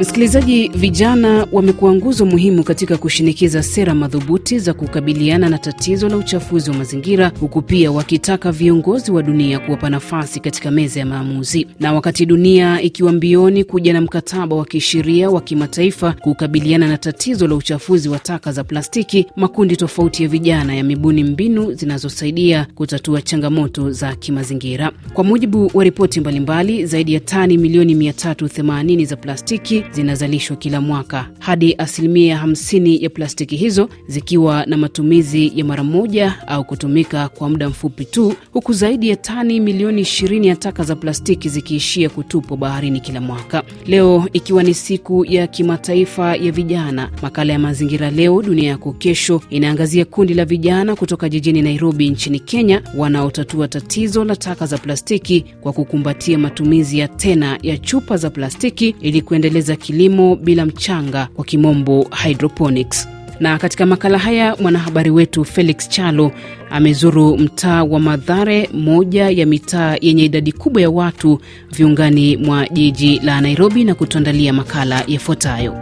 Msikilizaji, vijana wamekuwa nguzo muhimu katika kushinikiza sera madhubuti za kukabiliana na tatizo la uchafuzi wa mazingira, huku pia wakitaka viongozi wa dunia kuwapa nafasi katika meza ya maamuzi. Na wakati dunia ikiwa mbioni kuja na mkataba wa kisheria wa kimataifa kukabiliana na tatizo la uchafuzi wa taka za plastiki, makundi tofauti ya vijana yamebuni mbinu zinazosaidia kutatua changamoto za kimazingira. Kwa mujibu wa ripoti mbalimbali, zaidi ya tani milioni 380 za plastiki zinazalishwa kila mwaka, hadi asilimia 50 ya plastiki hizo zikiwa na matumizi ya mara moja au kutumika kwa muda mfupi tu, huku zaidi ya tani milioni 20 ya taka za plastiki zikiishia kutupwa baharini kila mwaka. Leo ikiwa ni siku ya kimataifa ya vijana, makala ya Mazingira Leo Dunia Yako Kesho inaangazia kundi la vijana kutoka jijini Nairobi nchini Kenya wanaotatua tatizo la taka za plastiki kwa kukumbatia matumizi ya tena ya chupa za plastiki ili kuendeleza za kilimo bila mchanga, kwa kimombo hydroponics. Na katika makala haya mwanahabari wetu Felix Chalo amezuru mtaa wa Madhare, moja ya mitaa yenye idadi kubwa ya watu viungani mwa jiji la Nairobi, na kutuandalia makala yafuatayo.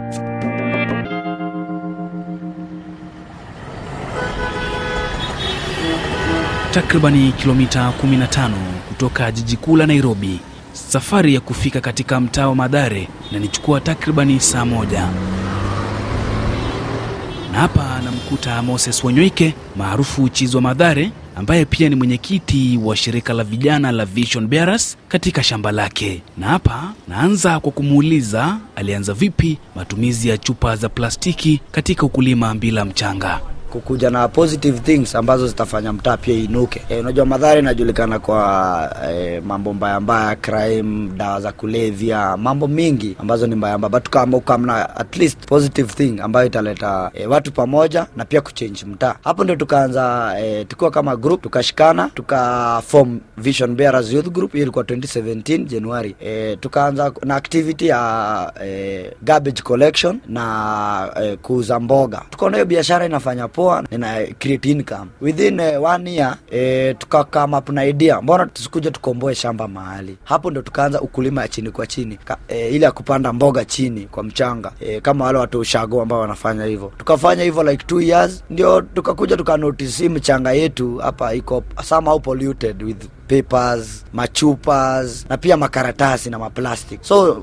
Takribani kilomita 15 kutoka jiji kuu la Nairobi Safari ya kufika katika mtaa wa Madhare inanichukua takribani saa moja, na hapa namkuta Moses Wanyoike maarufu wa Madhare ambaye pia ni mwenyekiti wa shirika la vijana la Vision Bearers katika shamba lake. Na hapa naanza kwa kumuuliza alianza vipi matumizi ya chupa za plastiki katika ukulima bila mchanga kukuja na positive things ambazo zitafanya mtaa pia inuke. E, unajua madhara inajulikana kwa e, mambo mbaya mbaya, crime, dawa za kulevya, mambo mingi ambazo ni mbaya mbaya, but kama ukamna at least positive thing ambayo italeta e, watu pamoja na pia kuchange mtaa. Hapo ndio tukaanza e, tukiwa kama group tukashikana, tuka form Vision Bearers Youth Group. Hiyo ilikuwa 2017 Januari. E, tukaanza na activity ya e, garbage collection na e, kuuza mboga. Tukaona hiyo biashara inafanya po nimekuwa nina create income within uh, one year uh, tukakama na idea, mbona tusikuja tukomboe shamba mahali hapo. ndio tukaanza ukulima ya chini kwa chini Ka, uh, ya kupanda mboga chini kwa mchanga uh, kama wale watu ushago ambao wanafanya hivyo. Tukafanya hivyo like two years, ndio tukakuja tukanotisi mchanga yetu hapa iko somehow polluted with papers, machupas na pia makaratasi na maplastic. So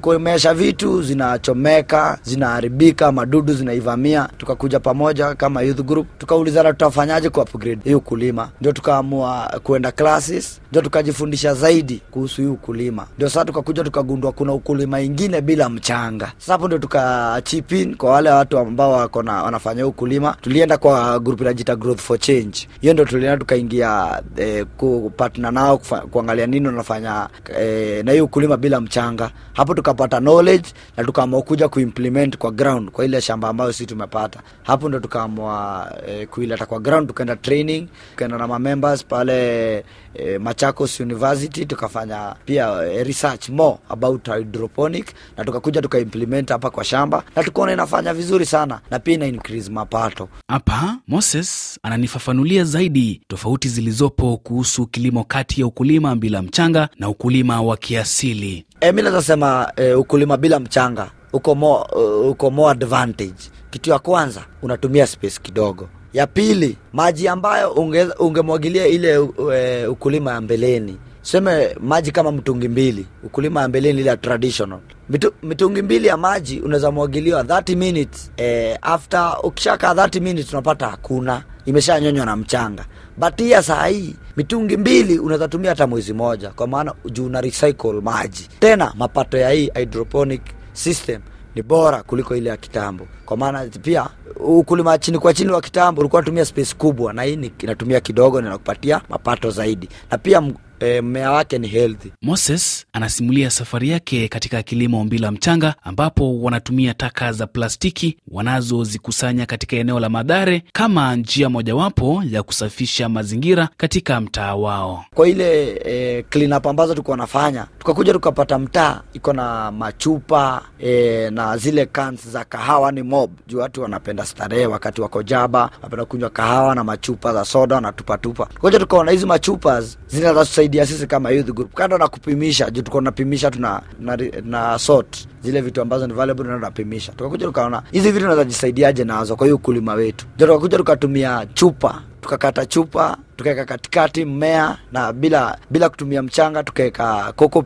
kumeesha vitu zinachomeka, zinaharibika, madudu zinaivamia. Tukakuja pamoja kama youth group, tukaulizana tutafanyaje ku upgrade hii ukulima, ndio tukaamua kuenda classes, ndio tukajifundisha zaidi kuhusu hii ukulima. Ndio sasa tukakuja tukagundua kuna ukulima ingine bila mchanga. Sasa hapo ndio tuka chip in kwa wale watu ambao wako na wanafanya ukulima, tulienda kwa group jita Growth for Change. Hiyo ndio tulienda tukaingia eh, kupata tukapatina nao kufa, kuangalia nini wanafanya e, na hiyo ukulima bila mchanga. Hapo tukapata knowledge na tukaamua kuja kuimplement kwa ground, kwa ile shamba ambayo sisi tumepata. Hapo ndo tukaamua e, kuileta kwa ground, tukaenda training, tukaenda na mamembers pale Eh, Machakos University tukafanya pia eh, research more about hydroponic na tukakuja tukaimplement hapa kwa shamba na tukaona inafanya vizuri sana na pia ina increase mapato. Hapa Moses ananifafanulia zaidi tofauti zilizopo kuhusu kilimo kati ya ukulima bila mchanga na ukulima wa kiasili. E, eh, mi naweza sema e, ukulima bila mchanga uko more, uh, uko more advantage. Kitu ya kwanza unatumia space kidogo ya pili, maji ambayo unge, ungemwagilia ile e, ukulima ya mbeleni, seme maji kama mtungi mbili, ukulima ya mbeleni ile ya traditional Mitu, mitungi mbili ya maji unaweza mwagiliwa 30 minutes eh, after ukishaka 30 minutes unapata hakuna imeshanyonywa na mchanga, but hiya saa hii mitungi mbili unaweza tumia hata mwezi moja, kwa maana juu una recycle maji. Tena mapato ya hii hydroponic system ni bora kuliko ile ya kitambo, kwa maana pia ukulima chini kwa chini wa kitambo ulikuwa unatumia space kubwa, na hii inatumia kidogo na inakupatia mapato zaidi, na pia Eh, e, mmea wake ni healthy. Moses anasimulia safari yake katika kilimo Mbila Mchanga, ambapo wanatumia taka za plastiki wanazozikusanya katika eneo la Madhare kama njia mojawapo ya kusafisha mazingira katika mtaa wao. Kwa ile e, eh, clean up ambazo tulikuwa nafanya, tukakuja tukapata mtaa iko na machupa e, na zile cans za kahawa ni mob juu watu wanapenda starehe, wakati wako jaba wanapenda kunywa kahawa na machupa za soda wanatupatupa. Tukaja tukaona hizi machupa zinazatusaidia inasaidia sisi kama youth group, kando na kupimisha juu tuko napimisha tuna na, na sort zile vitu ambazo ni valuable na napimisha tukakuja tukaona hizi vitu tunaweza jisaidiaje nazo kwa hiyo ukulima wetu, ndio tukakuja tukatumia chupa tukakata chupa tukaweka katikati mmea na bila bila kutumia mchanga, tukaweka coco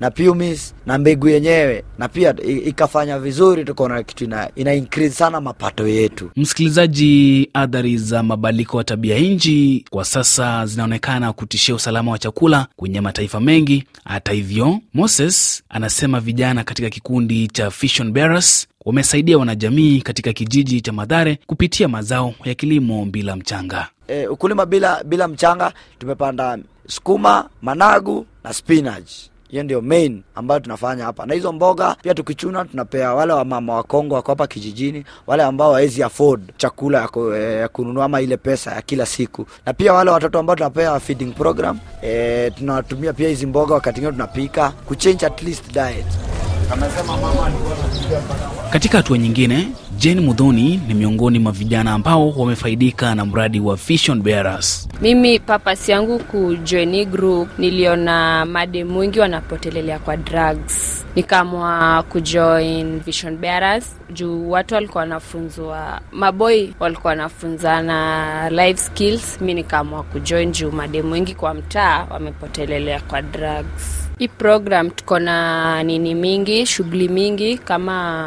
na pumis na mbegu yenyewe, na pia ikafanya vizuri, tukaona kitu ina, ina increase sana mapato yetu. Msikilizaji, adhari za mabadiliko ya tabia nji kwa sasa zinaonekana kutishia usalama wa chakula kwenye mataifa mengi. Hata hivyo, Moses anasema vijana katika kikundi cha fission Bearers wamesaidia wanajamii katika kijiji cha Madhare kupitia mazao ya kilimo bila mchanga e, ukulima bila, bila mchanga tumepanda sukuma, managu na spinach. Hiyo ndio main ambayo tunafanya hapa, na hizo mboga pia tukichuna tunapea wale wamama wa Kongo wako hapa kijijini, wale ambao hawezi afford chakula ya eh, kununua ama ile pesa ya kila siku, na pia wale watoto ambao tunapea feeding program eh, tunawatumia pia hizi mboga, wakati ngine tunapika kuchange at least diet. Katika hatua nyingine Jane Mudhoni ni miongoni mwa vijana ambao wamefaidika na mradi wa Vision Bearers. Mimi papas yangu kujoini group, niliona madem wengi wanapotelelea kwa drugs, nikamwa kujoin Vision Bearers juu watu walikuwa wanafunzwa, maboi walikuwa wanafunzana life skills. Mi nikaamua kujoin juu madem wengi kwa mtaa wamepotelelea kwa drugs. Hii program tuko na nini mingi, shughuli mingi kama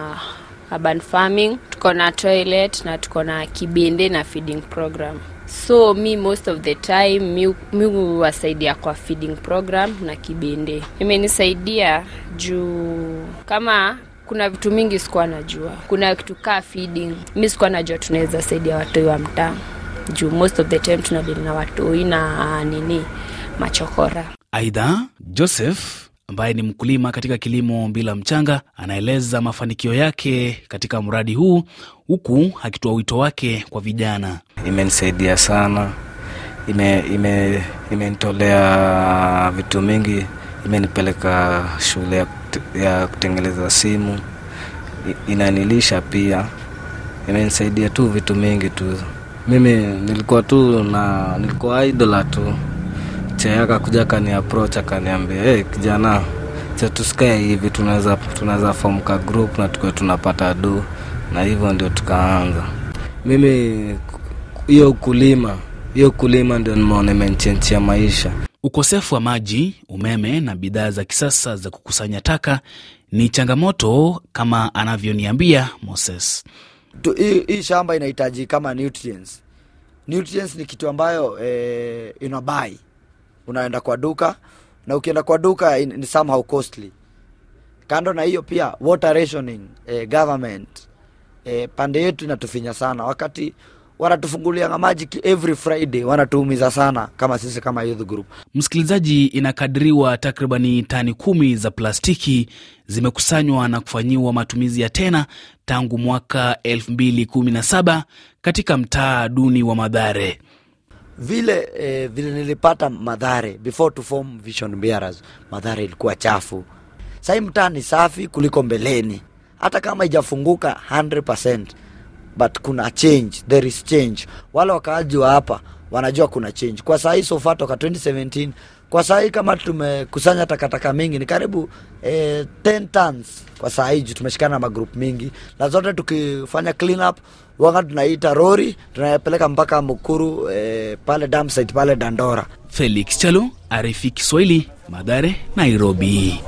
urban farming, tuko na toilet na tuko na kibinde na feeding program. So mi most of the time mi, huwasaidia kwa feeding program na kibinde. Imenisaidia juu kama kuna vitu mingi sikuwa najua, kuna kitu kaa feeding, mi sikuwa najua tunaweza saidia watoi wa mtaa juu most of the time tunadili na watoi na nini machokora. Aidha, Joseph ambaye ni mkulima katika kilimo bila mchanga, anaeleza mafanikio yake katika mradi huu, huku akitoa wito wake kwa vijana. Imenisaidia sana, imenitolea ime, vitu mingi, imenipeleka shule ya, ya kutengeleza simu, inanilisha pia, imenisaidia tu vitu mingi tu. Mimi nilikuwa tu na nilikuwa idola tu chenye akakuja akani approach akaniambia hey, kijana cha tusikae hivi tunaweza tunaweza form ka group na tukuwe tunapata du na hivyo ndio tukaanza mimi hiyo ukulima hiyo ukulima ndio nimeona imenchenchia maisha ukosefu wa maji umeme na bidhaa za kisasa za kukusanya taka ni changamoto kama anavyoniambia moses tu, hii shamba inahitaji kama nutrients nutrients ni kitu ambayo eh, inabai unaenda kwa duka na ukienda kwa duka ni somehow costly kando na hiyo pia water rationing eh, government eh, pande yetu inatufinya sana wakati wanatufungulia maji every Friday, wanatuumiza sana kama sisi kama youth group. Msikilizaji, inakadiriwa takribani tani kumi za plastiki zimekusanywa na kufanyiwa matumizi ya tena tangu mwaka 217 katika mtaa duni wa Madhare vile eh, vile nilipata Madhare before to form Vision Bearers, Madhare ilikuwa chafu. Sasa mtaa ni safi kuliko mbeleni, hata kama ijafunguka 100% but kuna change, there is change. Wale wakaaji wa hapa wanajua kuna change kwa sahii sofa toka 2017 kwa saa hii kama tumekusanya takataka mingi ni karibu eh, 10 tons kwa saa hii, tumeshikana na magrup mingi na zote tukifanya clean up wanga tunaita rori tunayapeleka mpaka Mukuru eh, pale dump pale Dandora. Felix Chalo, Arifi Kiswahili, madhare Nairobi.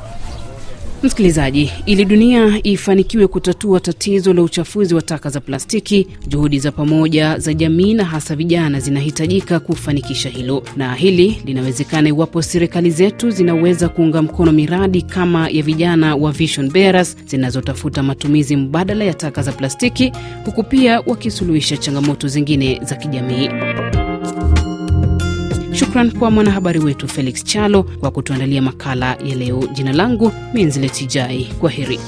Msikilizaji, ili dunia ifanikiwe kutatua tatizo la uchafuzi wa taka za plastiki, juhudi za pamoja za jamii na hasa vijana zinahitajika kufanikisha hilo, na hili linawezekana iwapo serikali zetu zinaweza kuunga mkono miradi kama ya vijana wa Vision Bearers zinazotafuta matumizi mbadala ya taka za plastiki, huku pia wakisuluhisha changamoto zingine za kijamii. Shukran kwa mwanahabari wetu Felix Chalo kwa kutuandalia makala ya leo. Jina langu tijai kwa heri.